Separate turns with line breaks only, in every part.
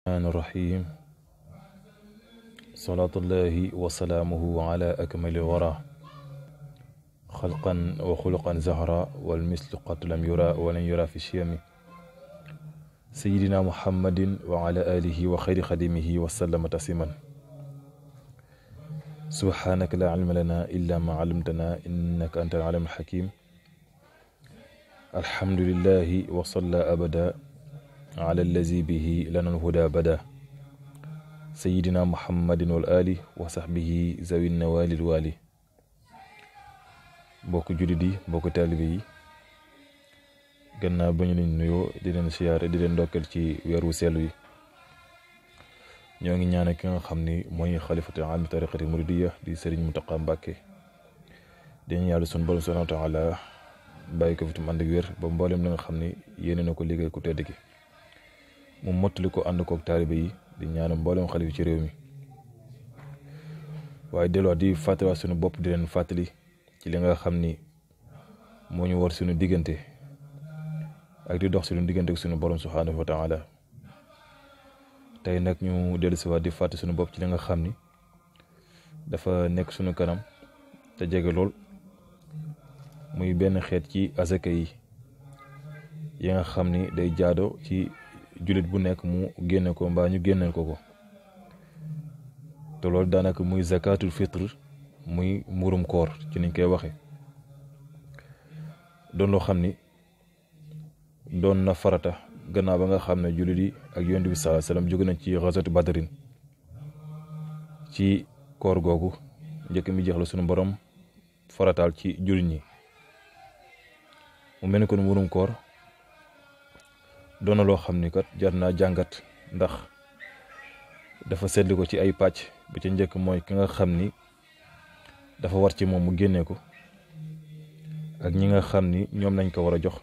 الرحمن الرحيم صلاة الله وسلامه على أكمل الورى خلقا وخلقا زهرا والمثل قد لم يرى ولن يرى في الشيم سيدنا محمد وعلى آله وخير خدمه وسلم تسليما سبحانك لا علم لنا إلا ما علمتنا إنك أنت العلم الحكيم الحمد لله وصلى أبدا ala allazi bihi lana alhuda bada sayidina muhammadin wal ali wa sahbihi zawin nawalil wali bokk jullit yi bokk taalibe yi gannaaw ba ñu nuyoo di leen siyaare di leen ndokkal ci weeru sell wi ñoo ngi ñaane ki nga xam ni mooy xalifatu am tariqati muridiya di sëriñ Muntaqa Mbàkke dañu yàlla sun borom subhanahu wa taala bàyyi ko fi tam ànd ak wér nga xam ni yéene na ko liggéey ku tedd mu mottali ko ànd koog taalibe yi di ñaanal mboolem xalif ci réew mi waaye delluwaat di fàttaliwaat suñu bopp di leen fàttali ci li nga xam ni moo ñu war sunu diggante ak di dox suñu diggante ak suñu borom subhaanahu wa taala tey nag ñu dellusiwaat di fàtte suñu bopp ci li nga xam ni dafa nekk suñu kanam te jege lool muy benn xeet ci azaka yi yi nga xam ni day jaado ci jullit bu nekk mu génne ko mbaa ñu ko ko te loolu daanaka muy zakatul fitre muy murum koor ci niñ koy waxe doon loo xam ni doon na farata gannaaw ba nga xam ne jullit yi ak yonent bi sallallahu nañ ci xasatu badarin ci koor googu njëkk mi jeex sunu borom faratal ci jullit ñi mu mel ni kon murum koor doona loo xam ni kat jar naa jàngat ndax dafa sedd ko ci ay pàcc bi ci njëkk mooy ki nga xam ni dafa war ci moom mu génnee ko ak ñi nga xam ni ñoom lañ ko war a jox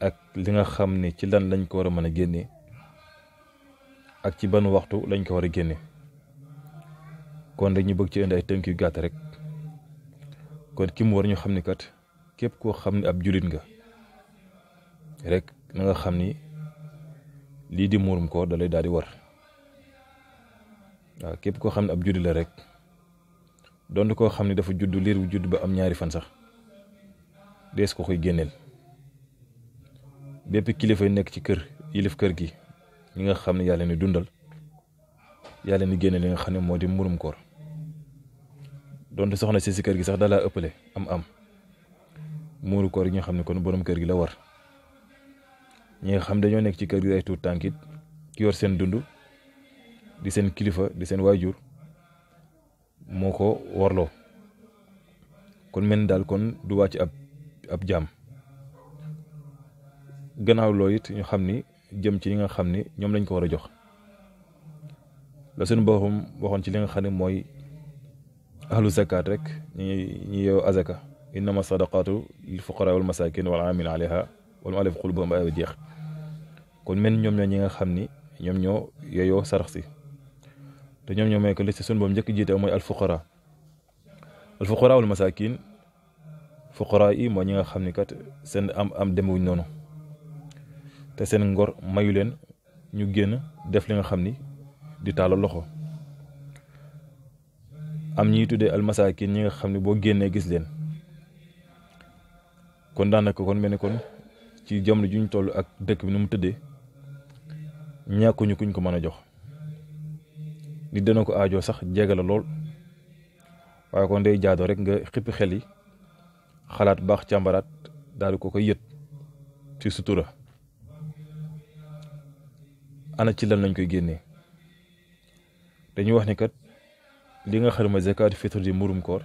ak li nga xam ni ci lan lañ ko war a mën a génnee ak ci ban waxtu lañ ko war a génne kon rek ñu bëgg ci indi ay tënk yu gàtt rek kon ki mu war ñu xam ni kat képp koo xam ni ab jullit nga rek na nga xam ni lii di muurum koor da lay daal di war waaw képp koo xam ne ab judd la rek donte koo xam ne dafa judd liir bu judd ba am ñaari fan sax dees ko koy bépp kilifa yi nekk ci kër yilif kër gi ñu nga xam ne yàlla ni dundal yàlla ni génneel li nga xam ne moo di muurum koor donte soxna si si kër gi sax dalaa ëppale am am muuru koor yi nga xam ne kon borom kër gi la war ñi nga xam dañoo nekk ci kër gi ay tuut ki yor seen dund di seen kilifa di seen waajur moo ko warloo kon mel ni daal kon du wàcc ab ab jaam gannaaw loo it ñu xam ni jëm ci li nga xam ni ñoom lañ ko war a jox la seen boppam waxoon ci li nga xam ne mooy ahlu zakat rek ñi ñi yow azaka innama sadaqatu lil fuqara wal masakin wal amil aleyha wala mu alif xulubam ba jeex kon men ñoom ñoo ñi nga xam ni ñoom ñoo yooyoo sarax si te ñoom ñoo may ko li si sunu boom njëkk jiite mooy alfuqara alfuqara wal masaakin fuqara yi mooy ñi nga xam ni kat seen am am demewuñ noonu te seen ngor mayu leen ñu génn def li nga xam ni di tàllal loxo am ñiy tuddee almasaakin ñi nga xam ne boo génnee gis leen kon daanaka kon mel ni kon ci jamono ju ñu toll ak dëkk bi nu mu tëddee ñàkkuñu kuñ ko mën a jox di dana ko aajoo sax jege lool waaye kon day jaadoo rek nga xippi xel yi xalaat baax càmbaraat daal di ko koy yët ci sutura ana ci lan lañ koy génnee dañuy wax ni kat li nga xam ne mooy zakaatu fitr di mburum koor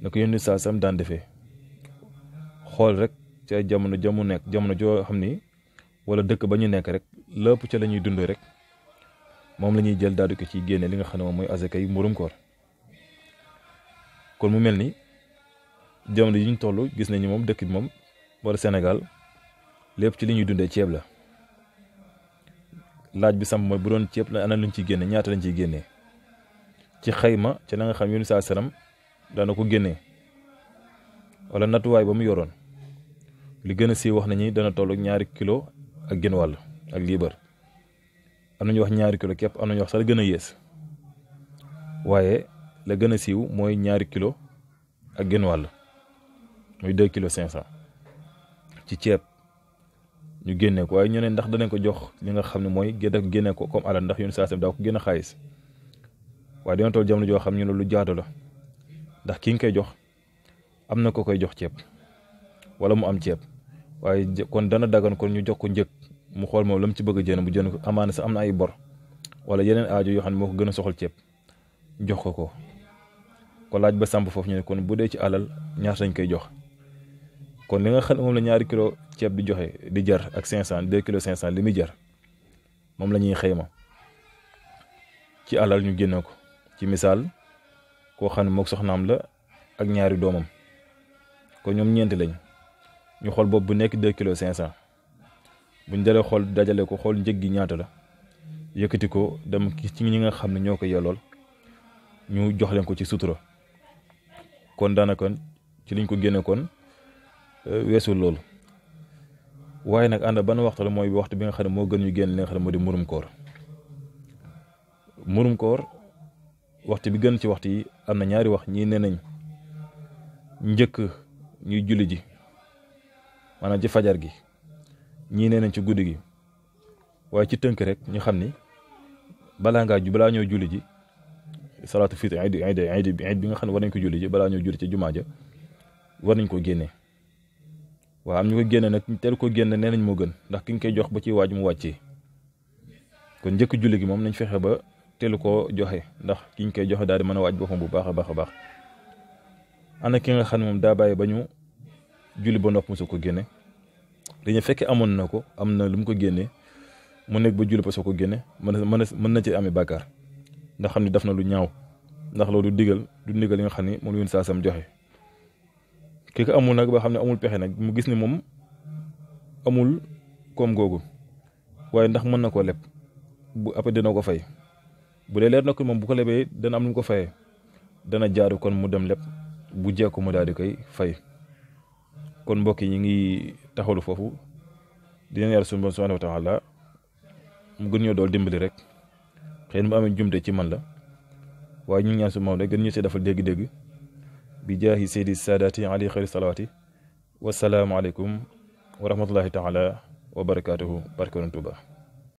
na ko yónni saa sam daan defee xool rek ca ay jamono jamu jamono joo xam ni wala dëkk ba ñu nekk rek lépp ca la ñuy dund rek moom lañuy jël daal di génne li nga xam ne moom mooy azaka yi mburum koor kon mu mel ni jamono yi ñu toll gis nañu moom dëkk bi moom wala senegal lépp ci li ñuy dundee ceeb la laaj bi sam mooy bu doon ceeb la ana luñ ciy génne ñaata lañ ciy génnee ci xayma ci la nga xam yoonu saa salaam daana ko génnee wala natuwaay ba mu yoroon. li gën a siiw wax nañu dana toll ñaari kilo ak gën wàll ak liibar am nañu wax ñaari kilo képp am nañu wax sax la gën a yées waaye la gën a siiw mooy ñaari kilo ak gën wàll muy deux kilo cinq cent ci ceeb ñu génnee ko waaye ñu ne ndax danañ ko jox li nga xam ne mooy def génne ko comme alal ndax yoon saa daa ko génne xaalis waaye dina toll jamono joo xam ñu ne lu jaadu la ndax ki nga koy jox am na ko koy jox ceeb wala mu am ceeb waaye kon dana dagan kon ñu jox ko njëg mu xool moom la mu ci bëgg a jënd mu jënd ko amaana sax am na ay bor wala yeneen aajo yoo xam ne moo ko gën a soxal ceeb jox ko ko ko laaj ba samp foofu ñu kon bu dee ci alal ñaata lañ koy jox kon li nga xam ne moom la ñaari kilo ceeb di joxe di jar ak 500 2 kilos 500 li muy jar moom la xayma ci alal ñu génne ko ci misaal koo xam ne moog soxnaam la ak ñaari doomam kon ñoom ñeenti lañ. ñu xool boobu bu nekk deux kilos cinq cent buñ jëlee xool dajale ko xool njëg gi ñaata la yëkkati ko dem ci ñi nga xam ne ñoo ko yellool ñu jox leen ko ci sutura kon daanaka ci liñ ko génne kon euh, weesul loolu waaye nag ànd ban waxtu la mooy waxtu bi nga xam ne moo gën ñu génn li nga xam ne moo di murum koor murum koor waxtu bi gën ci waxtu yi am na ñaari wax ñii nee nañ njëkk ñuy julli ji maanaam ci fajar gi ñii nee nañ ci guddi gi waaye ci tënk rek ñu xam ni balaa ngaa ju balaa ñoo julli ji salaatu fiit iid iid iid bi nga xam ne war nañ ko julli ji balaa ñoo julli ci jumaa ja war nañ ko génne waaw am ñu ko génne nag teel ko génne nee nañ moo gën ndax ki nga koy jox ba ci waaj mu wàccee kon njëkk julli gi moom nañ fexe ba teel koo joxe ndax ki ñu koy joxe daal di mën a waaj boppam bu baax a baax a baax ana ki nga xam ne moom daa bàyyi ba ñu julli ba noppi mosoo ko génne dañu fekkee amoon na ko am na lu mu ko génne mu nekk ba julli ba soo ko génne mën na mën na ci amee bàkkaar ndax xam ne daf na lu ñaaw ndax loolu du digal du ndigal li nga xam ne moom la saa sam joxe ki ko amul nag ba xam ne amul pexe nag mu gis ni moom amul koom googu waaye ndax mën na koo leb bu après dina ko fay bu dee leer na moom bu ko lebee dana am lu mu ko fayee dana jaaru kon mu dem leb bu jekku mu daal di koy fay. kon mbokk yi ñu ngi taxalu foofu di leen yàlla suñu subhanahu taala mu gën ñoo dool dimbali rek xëy na mu amee jumte ci man la waaye ñu ngi ñaan su moom rek gën ñu see defal dégg-dégg bi jaahi seydi saadaati ali xayri salawaati wasalaamualeykum wa rahmatullahi taala wa barakaatuhu barke Tuuba